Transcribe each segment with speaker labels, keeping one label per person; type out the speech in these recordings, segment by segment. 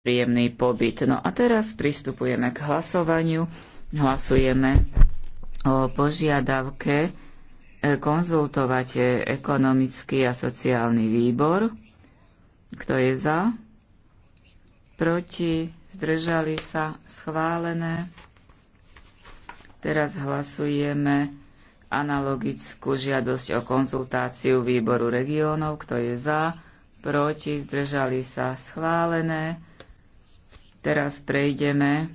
Speaker 1: príjemný pobyt. No a teraz pristupujeme k hlasovaniu. Hlasujeme o požiadavke e, konzultovať ekonomický a sociálny výbor. Kto je za? Proti? Zdržali sa? Schválené? Teraz hlasujeme analogickú žiadosť o konzultáciu výboru regiónov. Kto je za? Proti? Zdržali sa? Schválené? Teraz prejdeme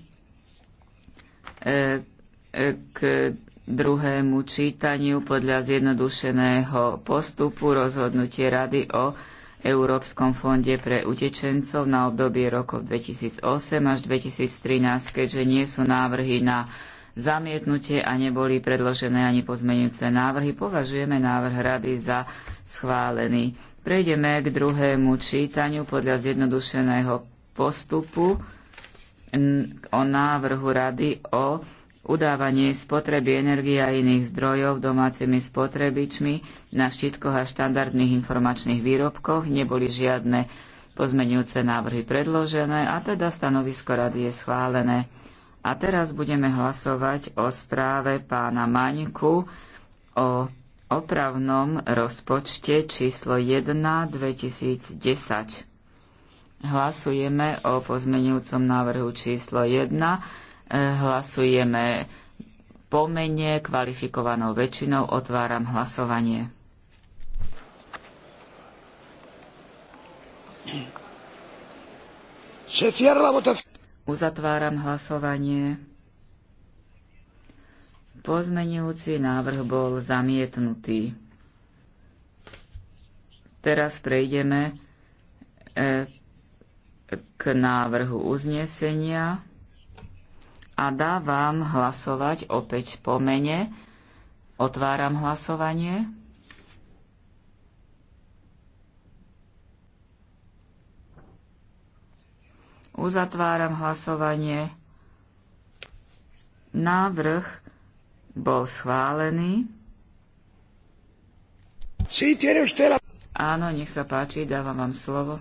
Speaker 1: e, e, k druhému čítaniu podľa zjednodušeného postupu rozhodnutie Rady o Európskom fonde pre utečencov na obdobie rokov 2008 až 2013, keďže nie sú návrhy na zamietnutie a neboli predložené ani pozmenujúce návrhy, považujeme návrh Rady za schválený. Prejdeme k druhému čítaniu podľa zjednodušeného postupu o návrhu rady o udávaní spotreby energie a iných zdrojov domácimi spotrebičmi na štítkoch a štandardných informačných výrobkoch neboli žiadne pozmenujúce návrhy predložené a teda stanovisko rady je schválené. A teraz budeme hlasovať o správe pána Maňku o opravnom rozpočte číslo 1 2010. Hlasujeme o pozmenujúcom návrhu číslo 1. E, hlasujeme pomene kvalifikovanou väčšinou. Otváram hlasovanie. Uzatváram hlasovanie. Pozmenujúci návrh bol zamietnutý. Teraz prejdeme e, k návrhu uznesenia a dávam hlasovať opäť po mene. Otváram hlasovanie. Uzatváram hlasovanie. Návrh bol schválený. Áno, nech sa páči, dávam vám slovo.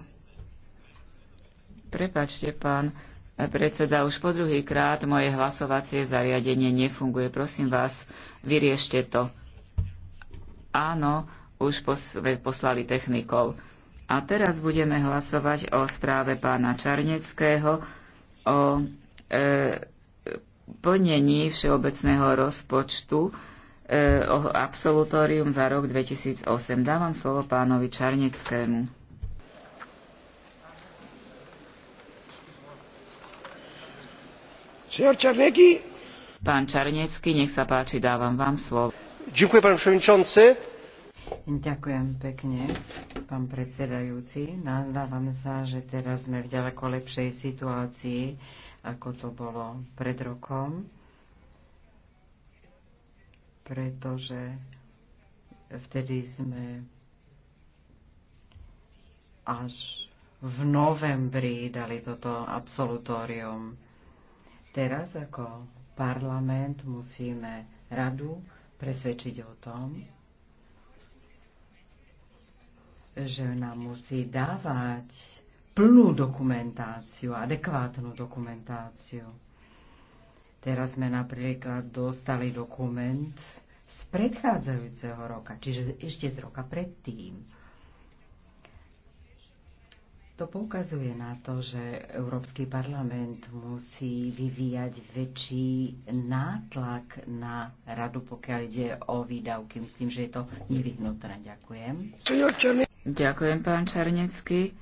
Speaker 1: Prepačte, pán predseda, už po druhý krát moje hlasovacie zariadenie nefunguje. Prosím vás, vyriešte to. Áno, už poslali technikov. A teraz budeme hlasovať o správe pána Čarneckého o e, plnení všeobecného rozpočtu e, o absolutórium za rok 2008. Dávam slovo pánovi Čarneckému. Pán Čarnecký, nech sa páči, dávam vám slovo.
Speaker 2: Ďakujem, pán Ďakujem pekne, pán predsedajúci. Nazdávam sa, že teraz sme v ďaleko lepšej situácii, ako to bolo pred rokom, pretože vtedy sme až v novembri dali toto absolutórium Teraz ako parlament musíme radu presvedčiť o tom, že nám musí dávať plnú dokumentáciu, adekvátnu dokumentáciu. Teraz sme napríklad dostali dokument z predchádzajúceho roka, čiže ešte z roka predtým. To poukazuje na to, že Európsky parlament musí vyvíjať väčší nátlak na radu, pokiaľ ide o výdavky. Myslím, že je to nevyhnutné. Ďakujem.
Speaker 1: Ďakujem, pán Čarnecký.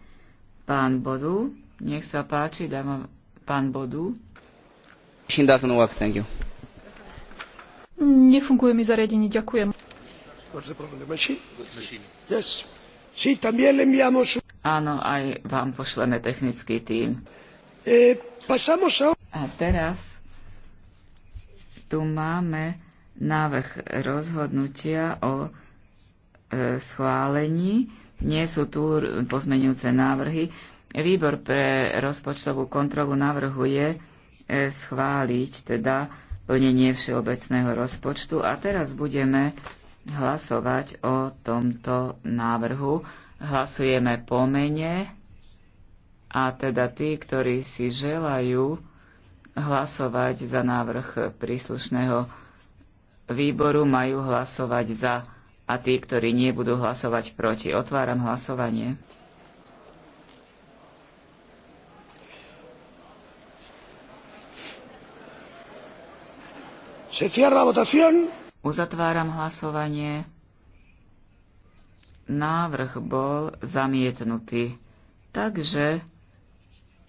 Speaker 1: Pán Bodu, nech sa páči,
Speaker 3: dám pán Bodu. Nefunguje mi zariadenie, ďakujem. What's Yes.
Speaker 1: Sí, también le enviamos Áno, aj vám pošleme technický tím. E, a teraz tu máme návrh rozhodnutia o e, schválení. Nie sú tu pozmenujúce návrhy. Výbor pre rozpočtovú kontrolu navrhuje e, schváliť teda plnenie všeobecného rozpočtu. A teraz budeme hlasovať o tomto návrhu. Hlasujeme po mene a teda tí, ktorí si želajú hlasovať za návrh príslušného výboru, majú hlasovať za a tí, ktorí nie budú hlasovať proti. Otváram hlasovanie. Uzatváram hlasovanie. Návrh bol zamietnutý. Takže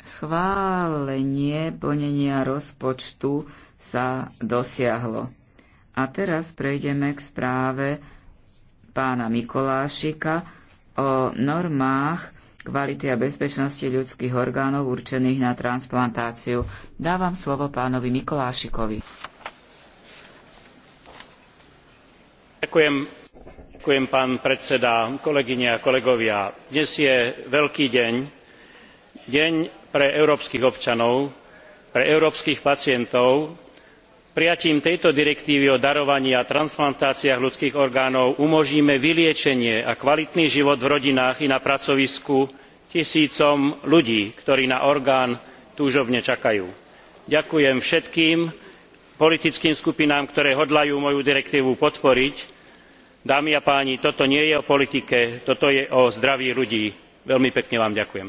Speaker 1: schválenie plnenia rozpočtu sa dosiahlo. A teraz prejdeme k správe pána Mikolášika o normách kvality a bezpečnosti ľudských orgánov určených na transplantáciu. Dávam slovo pánovi Mikolášikovi.
Speaker 2: Ďakujem dnes je veľký deň deň pre európskych občanov pre európskych pacientov. prijatím tejto direktívy o darovaní a transplantáciách ľudských orgánov umožníme vyliečenie a kvalitný život v rodinách i na pracovisku tisícom ľudí ktorí na orgán túžobne čakajú. ďakujem všetkým politickým skupinám ktoré hodlajú moju direktívu podporiť dámy a páni toto nie je o politike toto je o zdraví ľudí. veľmi pekne vám ďakujem.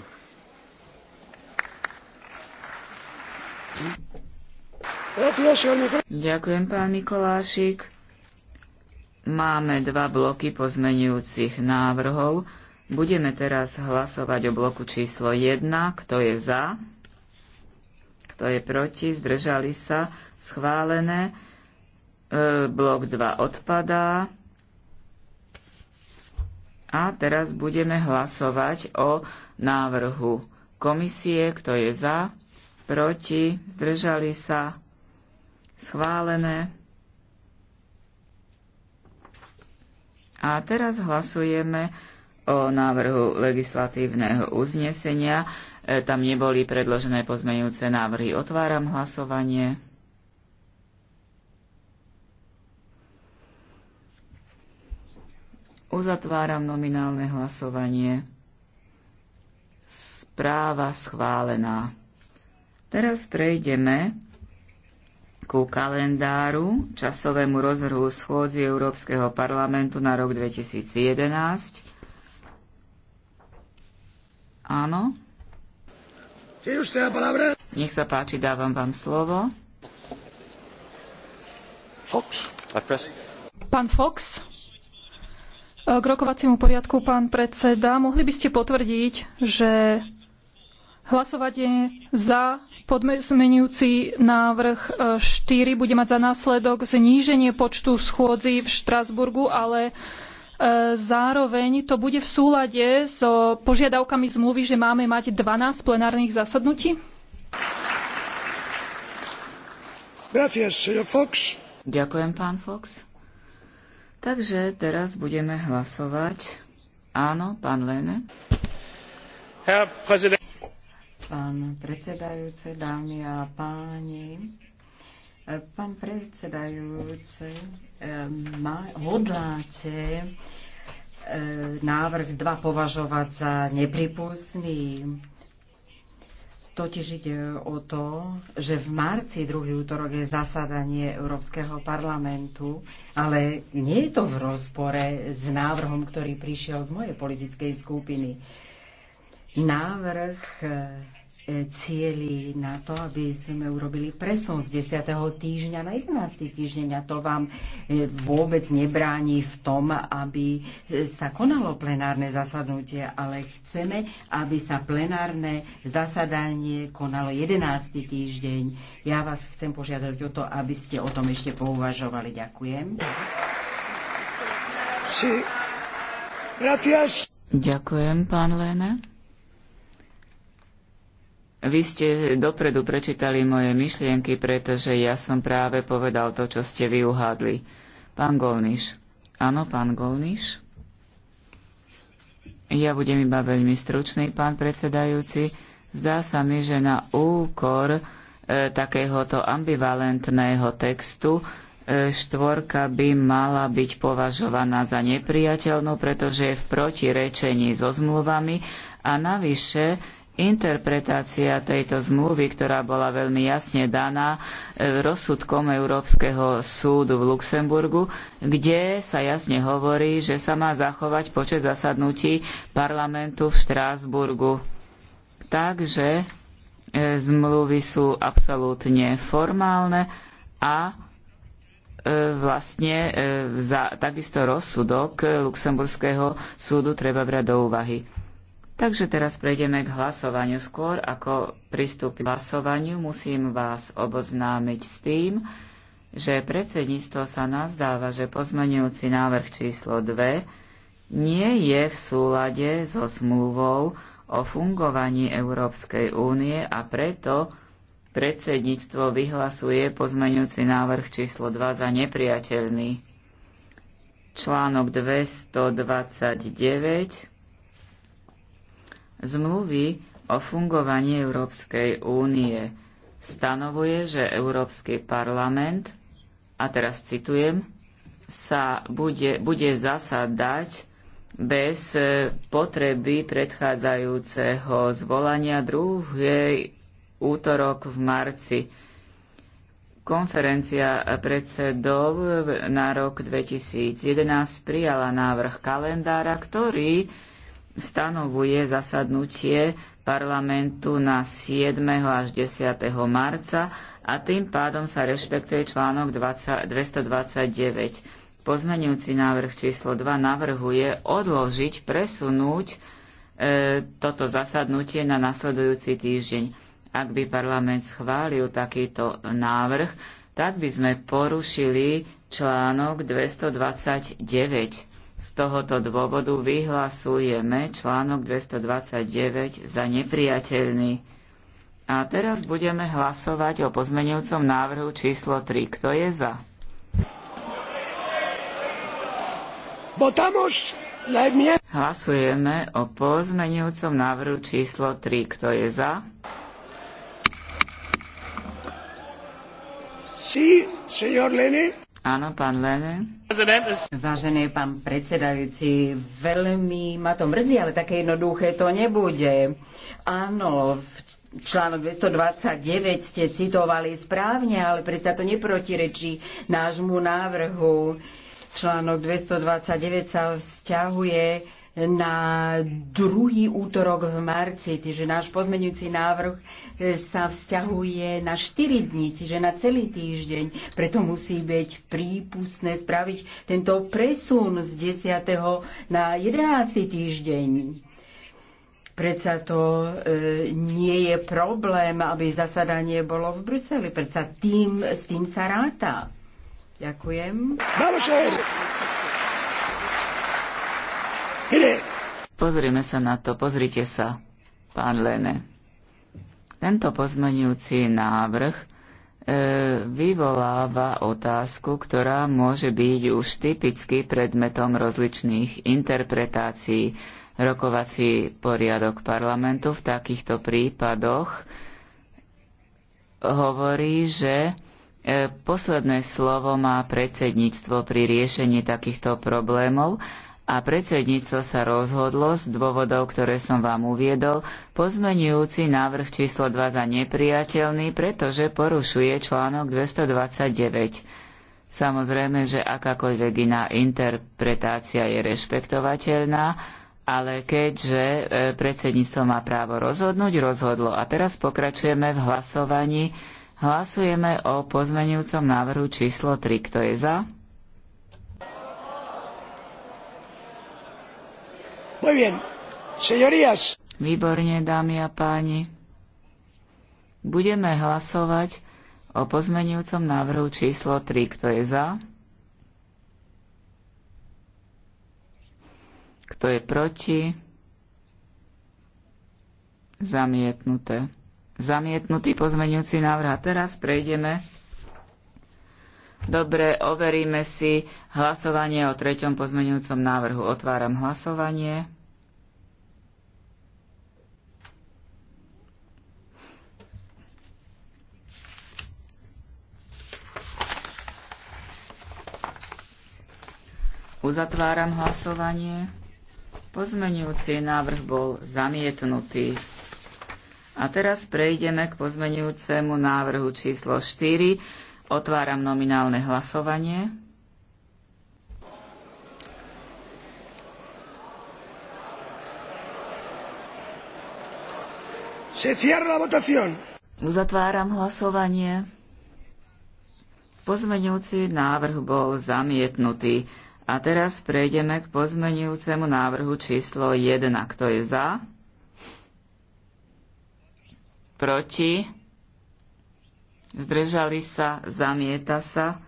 Speaker 1: Ďakujem, pán Mikolášik. Máme dva bloky pozmenujúcich návrhov. Budeme teraz hlasovať o bloku číslo 1. Kto je za? Kto je proti? Zdržali sa? Schválené. E, blok dva odpadá. A teraz budeme hlasovať o návrhu komisie, kto je za, proti, zdržali sa, schválené. A teraz hlasujeme o návrhu legislatívneho uznesenia. E, tam neboli predložené pozmeňujúce návrhy. Otváram hlasovanie. Uzatváram nominálne hlasovanie. Správa schválená. Teraz prejdeme ku kalendáru, časovému rozhrhu schôdzi Európskeho parlamentu na rok 2011. Áno?
Speaker 2: Teda,
Speaker 3: Nech sa páči, dávam vám slovo. Fox. Pán Fox, k rokovaciemu poriadku, pán predseda, mohli by ste potvrdiť, že hlasovanie za podmenujúci návrh 4 e, bude mať za následok zníženie počtu schôdzi v Štrasburgu, ale e, zároveň to bude v súlade s so požiadavkami zmluvy, že máme mať 12 plenárnych zasadnutí?
Speaker 1: Gracias, Ďakujem, pán Fox. Takže teraz budeme hlasovať.
Speaker 2: Áno, pán Lene. Pán predsedajúce, dámy a páni, pán predsedajúce, eh, hodláte eh, návrh 2 považovať za nepripustný. Totiž ide o to, že v marci druhý útorok je zasadanie Európskeho parlamentu, ale nie je to v rozpore s návrhom, ktorý prišiel z mojej politickej skupiny. Návrh E, cieľi na to, aby sme urobili presun z 10. týždňa na 11. týždeň a to vám e, vôbec nebráni v tom, aby sa konalo plenárne zasadnutie, ale chceme, aby sa plenárne zasadanie konalo 11. týždeň. Ja vás chcem požiadať o to, aby ste o tom ešte pouvažovali. Ďakujem.
Speaker 1: Ďakujem, pán Lene. Vy ste dopredu prečítali moje myšlienky, pretože ja som práve povedal to, čo ste vy uhádli. Pán Golniš. Áno, pán Golniš. Ja budem iba veľmi stručný, pán predsedajúci. Zdá sa mi, že na úkor e, takéhoto ambivalentného textu e, štvorka by mala byť považovaná za nepriateľnú, pretože je v protirečení so zmluvami a navyše interpretácia tejto zmluvy, ktorá bola veľmi jasne daná e, rozsudkom Európskeho súdu v Luxemburgu, kde sa jasne hovorí, že sa má zachovať počet zasadnutí parlamentu v Štrásburgu. Takže e, zmluvy sú absolútne formálne a e, vlastne za takisto rozsudok Luxemburského súdu treba brať do úvahy. Takže teraz prejdeme k hlasovaniu. Skôr ako pristúpi k hlasovaniu, musím vás oboznámiť s tým, že predsedníctvo sa nazdáva, že pozmenujúci návrh číslo 2 nie je v súlade so smluvou o fungovaní Európskej únie a preto predsedníctvo vyhlasuje pozmenujúci návrh číslo 2 za nepriateľný. Článok 229 Zmluvy o fungovaní Európskej únie stanovuje, že Európsky parlament, a teraz citujem, sa bude, bude zasadať bez e, potreby predchádzajúceho zvolania druhej útorok v marci. Konferencia predsedov na rok 2011 prijala návrh kalendára, ktorý stanovuje zasadnutie parlamentu na 7. až 10. marca a tým pádom sa rešpektuje článok 20, 229. Pozmenujúci návrh číslo 2 navrhuje odložiť, presunúť e, toto zasadnutie na nasledujúci týždeň. Ak by parlament schválil takýto návrh, tak by sme porušili článok 229 z tohoto dôvodu vyhlasujeme článok 229 za nepriateľný. A teraz budeme hlasovať o pozmeňujúcom návrhu číslo 3. Kto je za? Hlasujeme o pozmeňujúcom návrhu číslo 3. Kto je za?
Speaker 2: Sí, señor Lene. Áno, pán Lene. Vážený pán predsedajúci, veľmi ma to mrzí, ale také jednoduché to nebude. Áno, v článok 229 ste citovali správne, ale predsa to neprotirečí nášmu návrhu. Článok 229 sa vzťahuje na druhý útorok v marci, čiže náš pozmeňujúci návrh sa vzťahuje na 4 dní, čiže na celý týždeň. Preto musí byť prípustné spraviť tento presun z 10. na 11. týždeň. Predsa to e, nie je problém, aby zasadanie bolo v Bruseli. Predsa tým, s tým sa ráta. Ďakujem. Dobre.
Speaker 1: Pozrime sa na to, pozrite sa, pán Lene. Tento pozmenujúci návrh e, vyvoláva otázku, ktorá môže byť už typicky predmetom rozličných interpretácií. Rokovací poriadok parlamentu v takýchto prípadoch hovorí, že e, posledné slovo má predsedníctvo pri riešení takýchto problémov a predsedníctvo sa rozhodlo z dôvodov, ktoré som vám uviedol, pozmenujúci návrh číslo 2 za nepriateľný, pretože porušuje článok 229. Samozrejme, že akákoľvek iná interpretácia je rešpektovateľná, ale keďže e, predsedníctvo má právo rozhodnúť, rozhodlo. A teraz pokračujeme v hlasovaní. Hlasujeme o pozmenujúcom návrhu číslo 3. Kto je za? Výborne, dámy a páni. Budeme hlasovať o pozmenujúcom návrhu číslo 3. Kto je za? Kto je proti? Zamietnuté. Zamietnutý pozmenujúci návrh. A teraz prejdeme. Dobre, overíme si hlasovanie o treťom pozmenujúcom návrhu. Otváram hlasovanie. Uzatváram hlasovanie. Pozmenujúci návrh bol zamietnutý. A teraz prejdeme k pozmenujúcemu návrhu číslo 4. Otváram nominálne hlasovanie. Se cierra la Uzatváram hlasovanie. Pozmenujúci návrh bol zamietnutý. A teraz prejdeme k pozmenujúcemu návrhu číslo 1. Kto je za? Proti? Zdržali sa? Zamieta sa?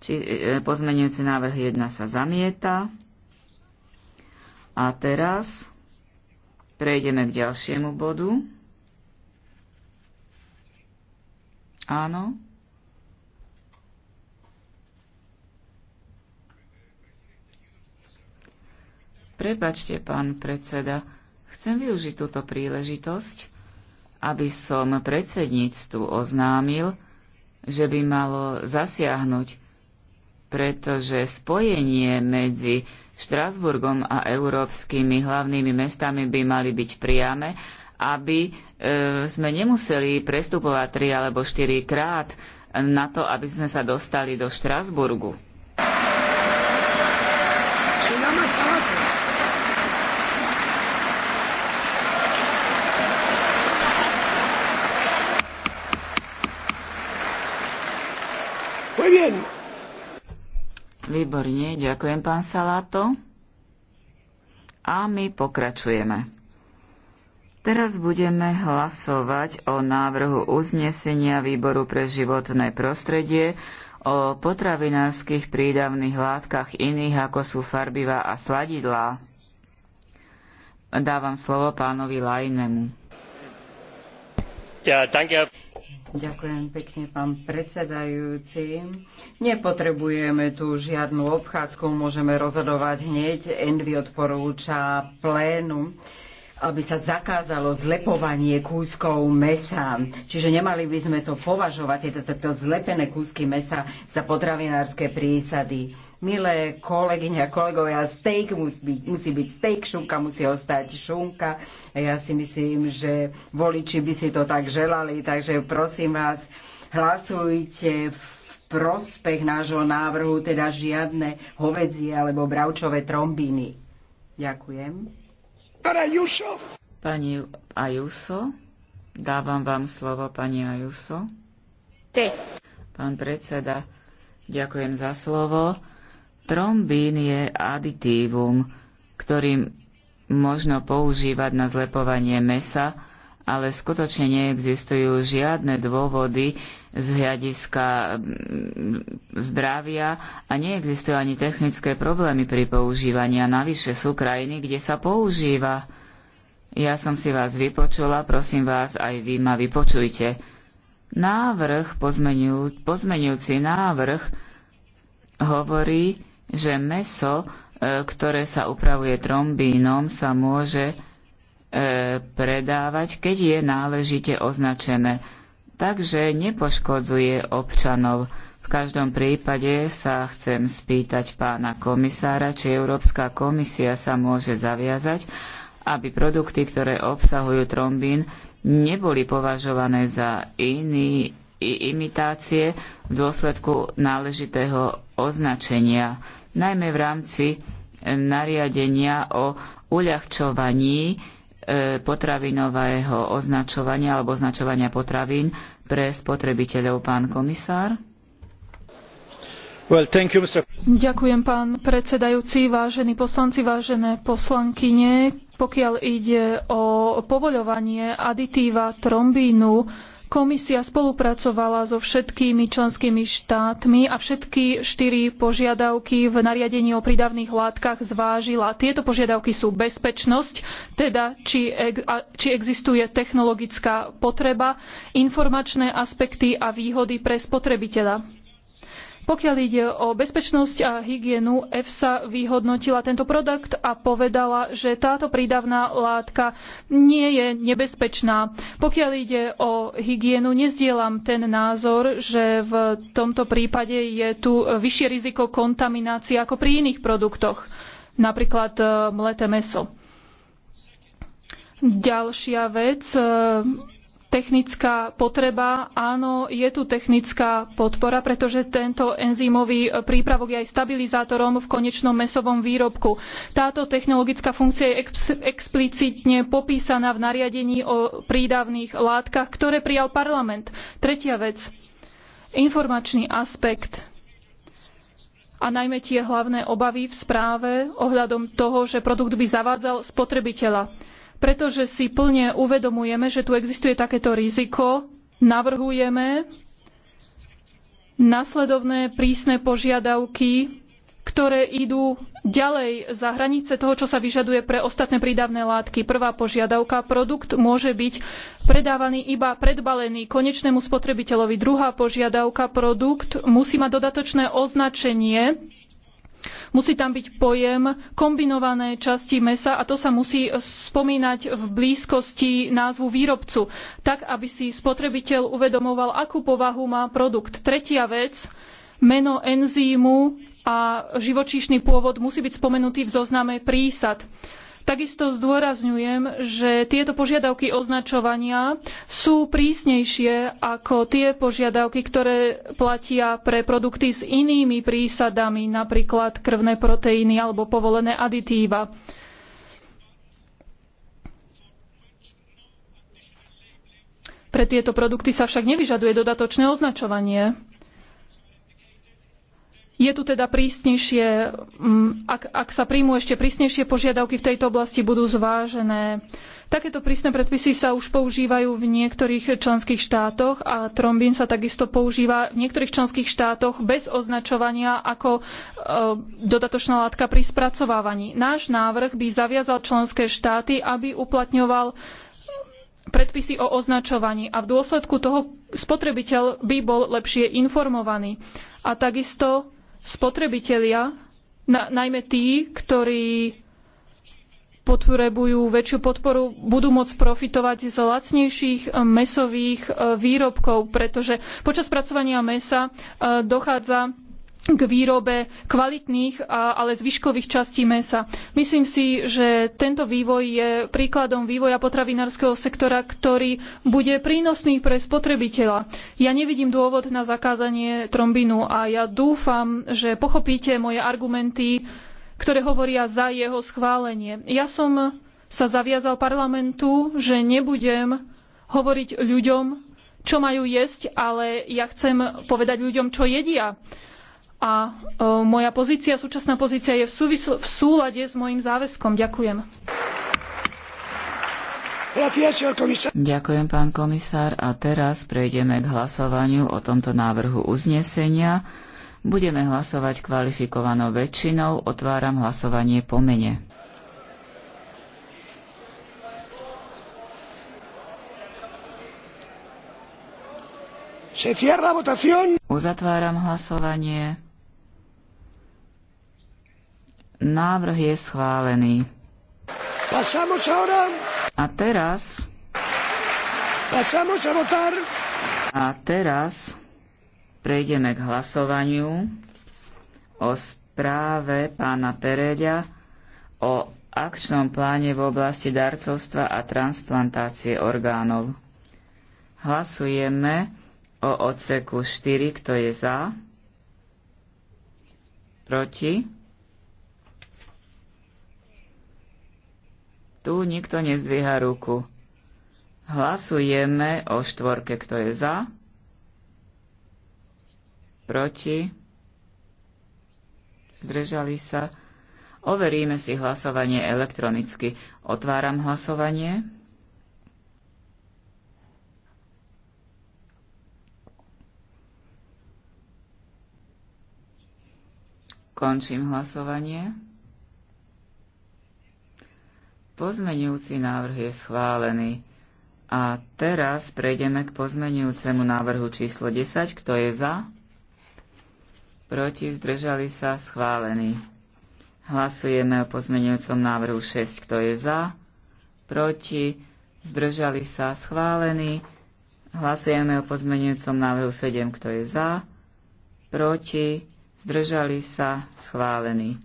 Speaker 1: Či, e, pozmenujúci návrh 1 sa zamieta. A teraz prejdeme k ďalšiemu bodu. Áno. Prepačte, pán predseda, chcem využiť túto príležitosť, aby som predsedníctvu oznámil, že by malo zasiahnuť, pretože spojenie medzi Štrásburgom a európskymi hlavnými mestami by mali byť priame, aby e, sme nemuseli prestupovať tri alebo štyri krát na to, aby sme sa dostali do Štrásburgu. Výborne, ďakujem pán Saláto. A my pokračujeme. Teraz budeme hlasovať o návrhu uznesenia Výboru pre životné prostredie o potravinárskych prídavných látkach iných ako sú farbivá a sladidlá. Dávam slovo pánovi Lajnemu.
Speaker 2: Ja, danke. Ďakujem pekne, pán predsedajúci. Nepotrebujeme tu žiadnu obchádzku, môžeme rozhodovať hneď. Envy odporúča plénu aby sa zakázalo zlepovanie kúskov mesa. Čiže nemali by sme to považovať, tieto zlepené kúsky mesa za potravinárske prísady Milé kolegyne a kolegovia, steak musí byť, musí byť steak, šunka musí ostať šunka. Ja si myslím, že voliči by si to tak želali, takže prosím vás, hlasujte v prospech nášho návrhu, teda žiadne hovedzie alebo bravčové trombiny. Ďakujem.
Speaker 1: Pani Ajuso, dávam vám slovo, pani Ajuso. Ty. Pán predseda, ďakujem za slovo. Trombín je aditívum, ktorým možno používať na zlepovanie mesa, ale skutočne neexistujú žiadne dôvody z hľadiska zdravia a neexistujú ani technické problémy pri používaní. A navyše sú krajiny, kde sa používa. Ja som si vás vypočula, prosím vás, aj vy ma vypočujte. Návrh, pozmenujúci návrh hovorí, že meso, e, ktoré sa upravuje trombínom, sa môže e, predávať, keď je náležite označené. Takže nepoškodzuje občanov. V každom prípade sa chcem spýtať pána komisára, či Európska komisia sa môže zaviazať, aby produkty, ktoré obsahujú trombín, neboli považované za iný, imitácie v dôsledku náležitého označenia, najmä v rámci e, nariadenia o uľahčovaní e, potravinového označovania alebo označovania potravín pre spotrebiteľov, pán komisár? Well, you,
Speaker 3: Ďakujem, pán predsedajúci, vážení poslanci, vážené poslankyne. Pokiaľ ide o povoľovanie aditíva trombínu, Komisia spolupracovala so všetkými členskými štátmi a všetky štyri požiadavky v nariadení o prídavných látkach zvážila. Tieto požiadavky sú bezpečnosť, teda či, či existuje technologická potreba, informačné aspekty a výhody pre spotrebiteľa. Pokiaľ ide o bezpečnosť a hygienu, EFSA vyhodnotila tento produkt a povedala, že táto prídavná látka nie je nebezpečná. Pokiaľ ide o hygienu, nezdielam ten názor, že v tomto prípade je tu vyššie riziko kontaminácie ako pri iných produktoch, napríklad e, mleté mäso. Ďalšia vec, e, technická potreba. Áno, je tu technická podpora, pretože tento enzýmový prípravok je aj stabilizátorom v konečnom mesovom výrobku. Táto technologická funkcia je explicitne popísaná v nariadení o prídavných látkach, ktoré prijal parlament. Tretia vec. Informačný aspekt a najmä tie hlavné obavy v správe ohľadom toho, že produkt by zavádzal spotrebiteľa pretože si plne uvedomujeme, že tu existuje takéto riziko, navrhujeme nasledovné prísne požiadavky, ktoré idú ďalej za hranice toho, čo sa vyžaduje pre ostatné prídavné látky. Prvá požiadavka, produkt môže byť predávaný iba predbalený konečnému spotrebiteľovi. Druhá požiadavka, produkt musí mať dodatočné označenie Musí tam byť pojem kombinované časti mäsa a to sa musí spomínať v blízkosti názvu výrobcu, tak aby si spotrebiteľ uvedomoval, akú povahu má produkt. Tretia vec, meno enzýmu a živočíšny pôvod musí byť spomenutý v zozname prísad. Takisto zdôrazňujem, že tieto požiadavky označovania sú prísnejšie ako tie požiadavky, ktoré platia pre produkty s inými prísadami, napríklad krvné proteíny alebo povolené aditíva. Pre tieto produkty sa však nevyžaduje dodatočné označovanie. Je tu teda prísnejšie, mm, ak, ak sa príjmu ešte prísnejšie požiadavky v tejto oblasti, budú zvážené. Takéto prísne predpisy sa už používajú v niektorých členských štátoch a trombín sa takisto používa v niektorých členských štátoch bez označovania ako e, dodatočná látka pri spracovávaní. Náš návrh by zaviazal členské štáty, aby uplatňoval predpisy o označovaní a v dôsledku toho spotrebiteľ by bol lepšie informovaný. A takisto spotrebitelia, na, najmä tí, ktorí potrebujú väčšiu podporu, budú môcť profitovať z lacnejších eh, mesových eh, výrobkov, pretože počas pracovania mesa eh, dochádza k výrobe kvalitných, ale zvyškových častí mesa. Myslím si, že tento vývoj je príkladom vývoja potravinárskeho sektora, ktorý bude prínosný pre spotrebiteľa. Ja nevidím dôvod na zakázanie trombínu a ja dúfam, že pochopíte moje argumenty, ktoré hovoria za jeho schválenie. Ja som sa zaviazal parlamentu, že nebudem hovoriť ľuďom, čo majú jesť, ale ja chcem povedať ľuďom, čo jedia. A e, moja pozícia, súčasná pozícia je v, súvisl- v súlade s mojim záväzkom. Ďakujem.
Speaker 1: Ďakujem, pán komisár. A teraz prejdeme k hlasovaniu o tomto návrhu uznesenia. Budeme hlasovať kvalifikovanou väčšinou. Otváram hlasovanie po mene. Uzatváram hlasovanie. Návrh je schválený. A teraz... A teraz prejdeme k hlasovaniu o správe pána Pereďa o akčnom pláne v oblasti darcovstva a transplantácie orgánov. Hlasujeme o odseku 4, kto je za, proti, Tu nikto nezdvíha ruku. Hlasujeme o štvorke, kto je za, proti, zdržali sa. Overíme si hlasovanie elektronicky. Otváram hlasovanie. Končím hlasovanie. Pozmenujúci návrh je schválený. A teraz prejdeme k pozmenujúcemu návrhu číslo 10. Kto je za? Proti zdržali sa schválený. Hlasujeme o pozmenujúcom návrhu 6. Kto je za? Proti zdržali sa schválený. Hlasujeme o pozmenujúcom návrhu 7. Kto je za? Proti zdržali sa schválený.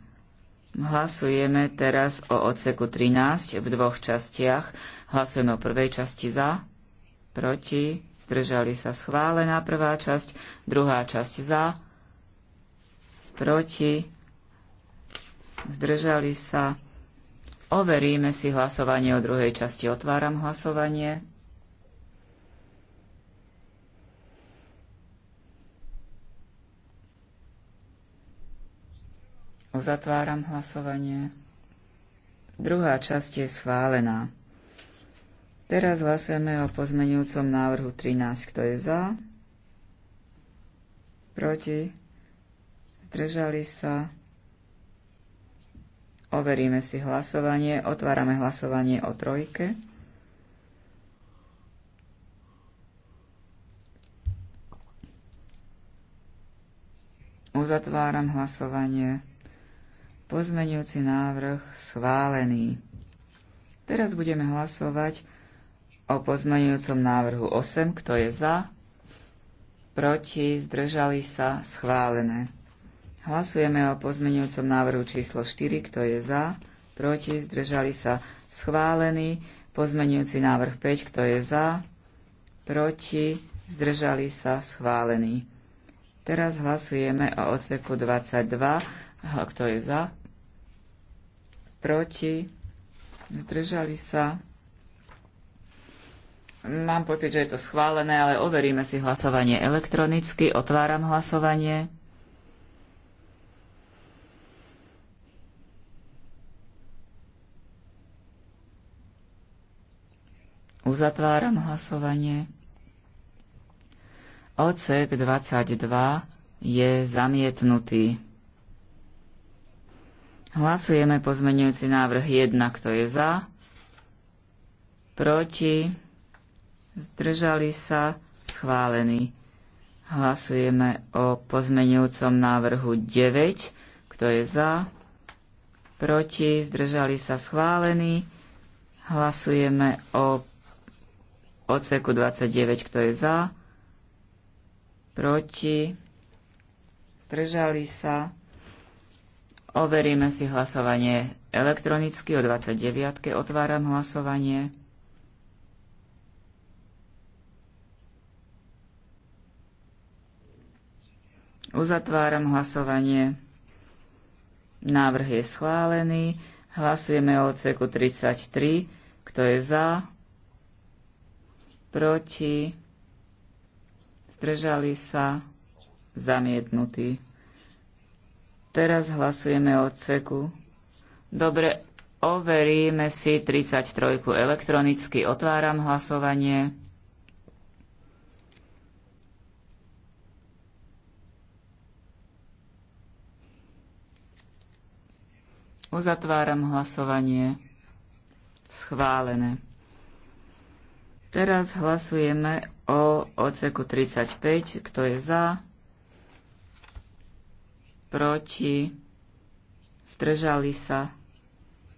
Speaker 1: Hlasujeme teraz o odseku 13 v dvoch častiach. Hlasujeme o prvej časti za, proti, zdržali sa schválená prvá časť, druhá časť za, proti, zdržali sa. Overíme si hlasovanie o druhej časti. Otváram hlasovanie. Uzatváram hlasovanie. Druhá časť je schválená. Teraz hlasujeme o pozmenujúcom návrhu 13. Kto je za? Proti? Zdržali sa? Overíme si hlasovanie. Otvárame hlasovanie o trojke. Uzatváram hlasovanie. Pozmeňujúci návrh schválený. Teraz budeme hlasovať o pozmeňujúcom návrhu 8. Kto je za? Proti? Zdržali sa? Schválené. Hlasujeme o pozmeňujúcom návrhu číslo 4. Kto je za? Proti? Zdržali sa? Schválený. Pozmeňujúci návrh 5. Kto je za? Proti? Zdržali sa? Schválený. Teraz hlasujeme o odseku 22 kto je za? Proti? Zdržali sa? Mám pocit, že je to schválené, ale overíme si hlasovanie elektronicky. Otváram hlasovanie. Uzatváram hlasovanie. Ocek 22 je zamietnutý. Hlasujeme pozmenujúci návrh 1, kto je za, proti, zdržali sa, schválený. Hlasujeme o pozmenujúcom návrhu 9, kto je za, proti, zdržali sa, schválený. Hlasujeme o odseku 29, kto je za, proti, zdržali sa, schválený Overíme si hlasovanie elektronicky o 29. Otváram hlasovanie. Uzatváram hlasovanie. Návrh je schválený. Hlasujeme o odseku 33. Kto je za? Proti? Zdržali sa? Zamietnutý. Teraz hlasujeme o odseku. Dobre, overíme si 33 elektronicky. Otváram hlasovanie. Uzatváram hlasovanie. Schválené. Teraz hlasujeme o odseku 35. Kto je za? proti, zdržali sa.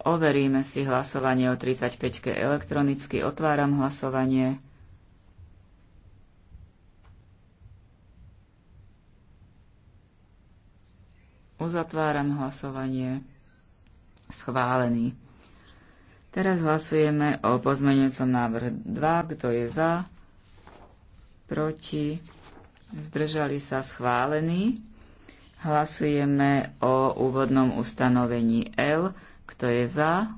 Speaker 1: Overíme si hlasovanie o 35-ke elektronicky. Otváram hlasovanie. Uzatváram hlasovanie. Schválený. Teraz hlasujeme o pozmeňujúcom návrhu 2. Kto je za? Proti? Zdržali sa schválený. Hlasujeme o úvodnom ustanovení L. Kto je za?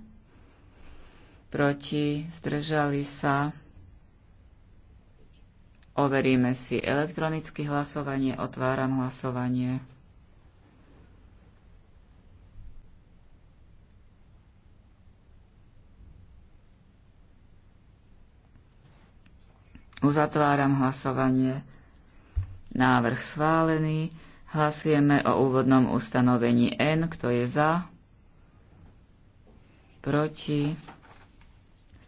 Speaker 1: Proti? Zdržali sa? Overíme si elektronické hlasovanie. Otváram hlasovanie. Uzatváram hlasovanie. Návrh schválený. Hlasujeme o úvodnom ustanovení N. Kto je za? Proti?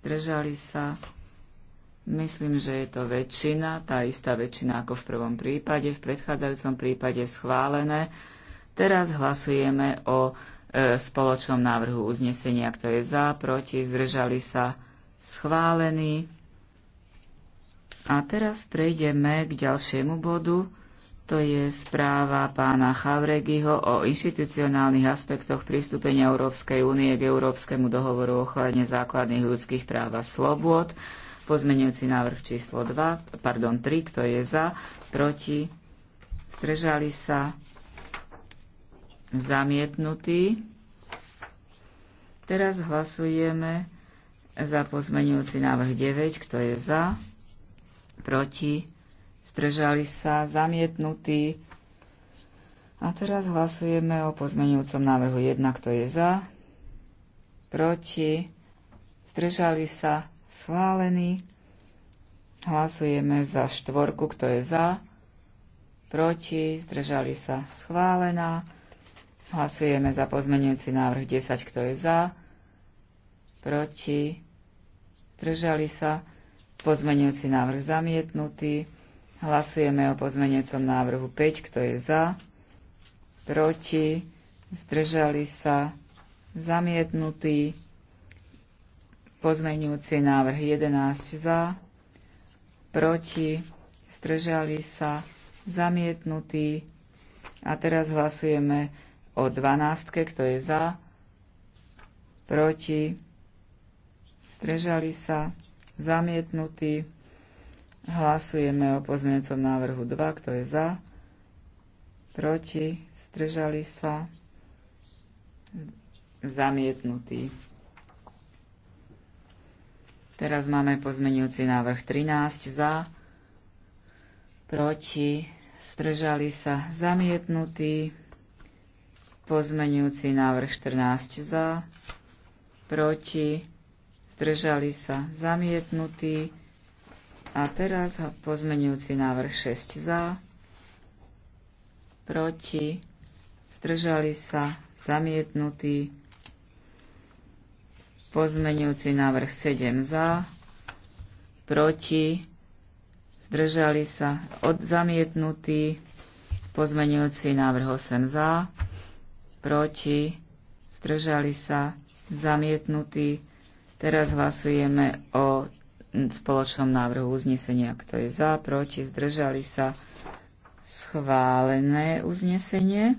Speaker 1: Zdržali sa? Myslím, že je to väčšina, tá istá väčšina ako v prvom prípade, v predchádzajúcom prípade schválené. Teraz hlasujeme o e, spoločnom návrhu uznesenia, kto je za, proti, zdržali sa, schválený. A teraz prejdeme k ďalšiemu bodu. To je správa pána Chavregiho o inštitucionálnych aspektoch pristúpenia Európskej únie k Európskemu dohovoru o ochrane základných ľudských práv a slobôd. Pozmenujúci návrh číslo 2, pardon 3, kto je za, proti, zdržali sa, zamietnutý. Teraz hlasujeme za pozmenujúci návrh 9, kto je za, proti, zdržali sa, zamietnutí. A teraz hlasujeme o pozmeňujúcom návrhu 1, kto je za, proti, zdržali sa, schválený. Hlasujeme za štvorku, kto je za, proti, zdržali sa, schválená. Hlasujeme za pozmeňujúci návrh 10, kto je za, proti, zdržali sa, pozmenujúci návrh zamietnutý. Hlasujeme o pozmenecom návrhu 5. Kto je za? Proti? Zdržali sa? Zamietnutý? Pozmenujúci návrh 11 za? Proti? Zdržali sa? Zamietnutý? A teraz hlasujeme o 12. Kto je za? Proti? Zdržali sa? Zamietnutý? Hlasujeme o pozmeňujúcom návrhu 2, kto je za, proti, zdržali sa, zamietnutý. Teraz máme pozmeňujúci návrh 13 za, proti, zdržali sa, zamietnutý. Pozmeňujúci návrh 14 za, proti, zdržali sa, zamietnutý a teraz pozmenujúci návrh 6 za, proti, zdržali sa, zamietnutý. Pozmenujúci návrh 7 za, proti, zdržali sa, od zamietnutý. Pozmenujúci návrh 8 za, proti, zdržali sa, zamietnutý. Teraz hlasujeme o spoločnom návrhu uznesenia. Kto je za, proti, zdržali sa schválené uznesenie.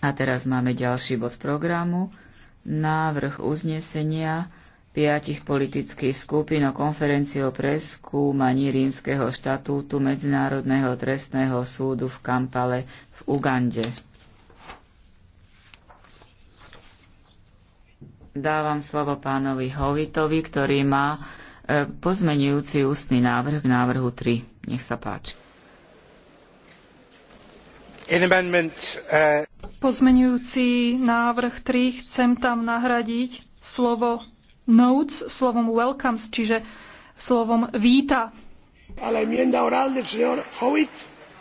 Speaker 1: A teraz máme ďalší bod programu. Návrh uznesenia piatich politických skupín o konferencii o preskúmaní rímskeho štatútu Medzinárodného trestného súdu v Kampale v Ugande. Dávam slovo pánovi Hovitovi, ktorý má e, pozmenujúci ústny návrh k návrhu 3. Nech sa páči.
Speaker 3: Uh, pozmenujúci návrh 3 chcem tam nahradiť slovo notes slovom welcomes, čiže slovom víta.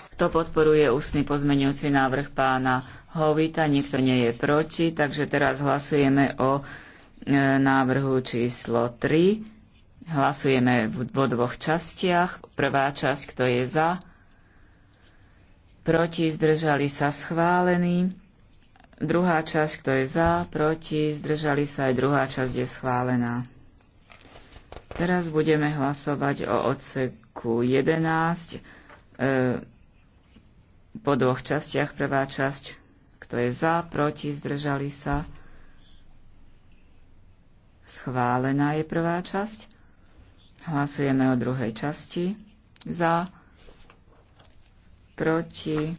Speaker 1: Kto podporuje ústny pozmenujúci návrh pána ho víta, nikto nie je proti, takže teraz hlasujeme o e, návrhu číslo 3. Hlasujeme vo dvoch častiach. Prvá časť, kto je za, proti, zdržali sa schválený. Druhá časť, kto je za, proti, zdržali sa aj druhá časť je schválená. Teraz budeme hlasovať o odseku 11 e, po dvoch častiach. Prvá časť, kto je za, proti, zdržali sa. Schválená je prvá časť. Hlasujeme o druhej časti. Za, proti,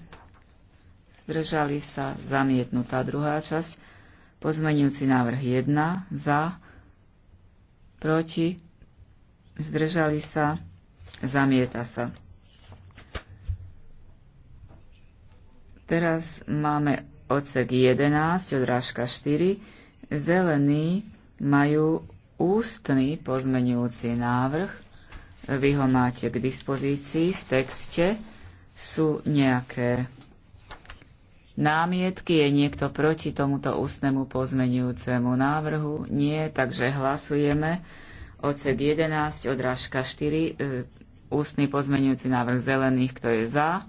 Speaker 1: zdržali sa, zamietnutá druhá časť. Pozmenujúci návrh 1, za, proti, zdržali sa, zamieta sa. Teraz máme odsek 11, odrážka 4, zelení majú ústny pozmenujúci návrh. Vy ho máte k dispozícii v texte. Sú nejaké námietky? Je niekto proti tomuto ústnemu pozmenujúcemu návrhu? Nie, takže hlasujeme. Odsek 11, odrážka 4, e, ústny pozmenujúci návrh zelených, kto je za,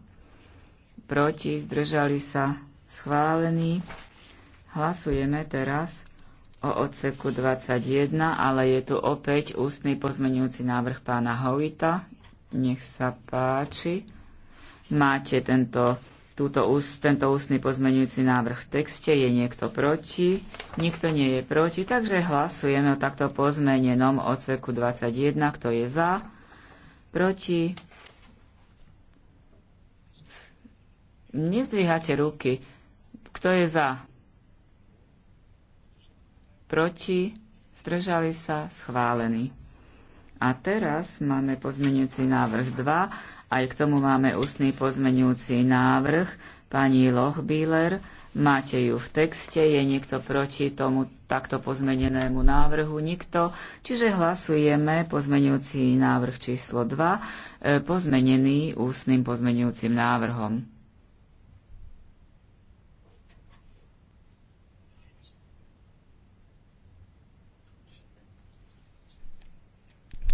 Speaker 1: proti, zdržali sa, schválený. Hlasujeme teraz o odseku 21, ale je tu opäť ústny pozmenujúci návrh pána Hovita. Nech sa páči. Máte tento, túto, tento ústny pozmenujúci návrh v texte. Je niekto proti? Nikto nie je proti, takže hlasujeme o takto pozmenenom odseku 21. Kto je za? Proti? Nezvíhate ruky. Kto je za? Proti? Zdržali sa? Schválený. A teraz máme pozmenujúci návrh 2. Aj k tomu máme ústny pozmenujúci návrh pani Lochbíler. Máte ju v texte, je niekto proti tomu takto pozmenenému návrhu? Nikto. Čiže hlasujeme pozmenujúci návrh číslo 2, e, pozmenený ústnym pozmenujúcim návrhom.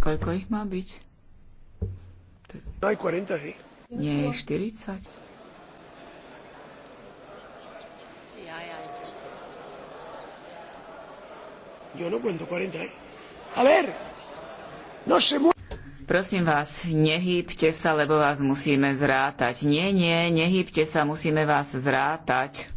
Speaker 1: Koľko ich má byť? Aj 40, no Nie, 40. Yo no cuento 40, eh. A ver, no se mu... Prosím vás, nehýbte sa, lebo vás musíme zrátať. Nie, nie, nehýbte sa, musíme vás zrátať.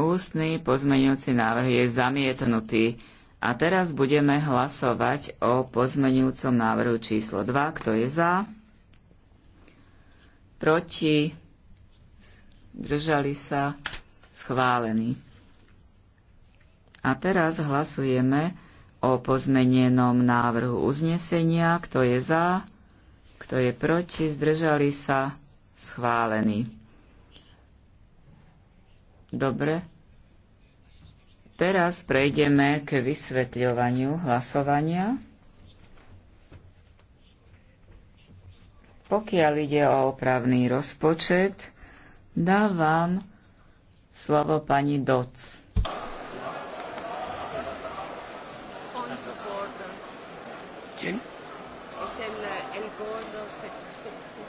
Speaker 1: Ústny pozmeňujúci návrh je zamietnutý. A teraz budeme hlasovať o pozmeňujúcom návrhu číslo 2. Kto je za? Proti? Držali sa? Schválený. A teraz hlasujeme o pozmenenom návrhu uznesenia. Kto je za? Kto je proti? Zdržali sa? schválený. Dobre. Teraz prejdeme k vysvetľovaniu hlasovania. Pokiaľ ide o opravný rozpočet, dávam slovo pani Doc.
Speaker 3: Ďakujem.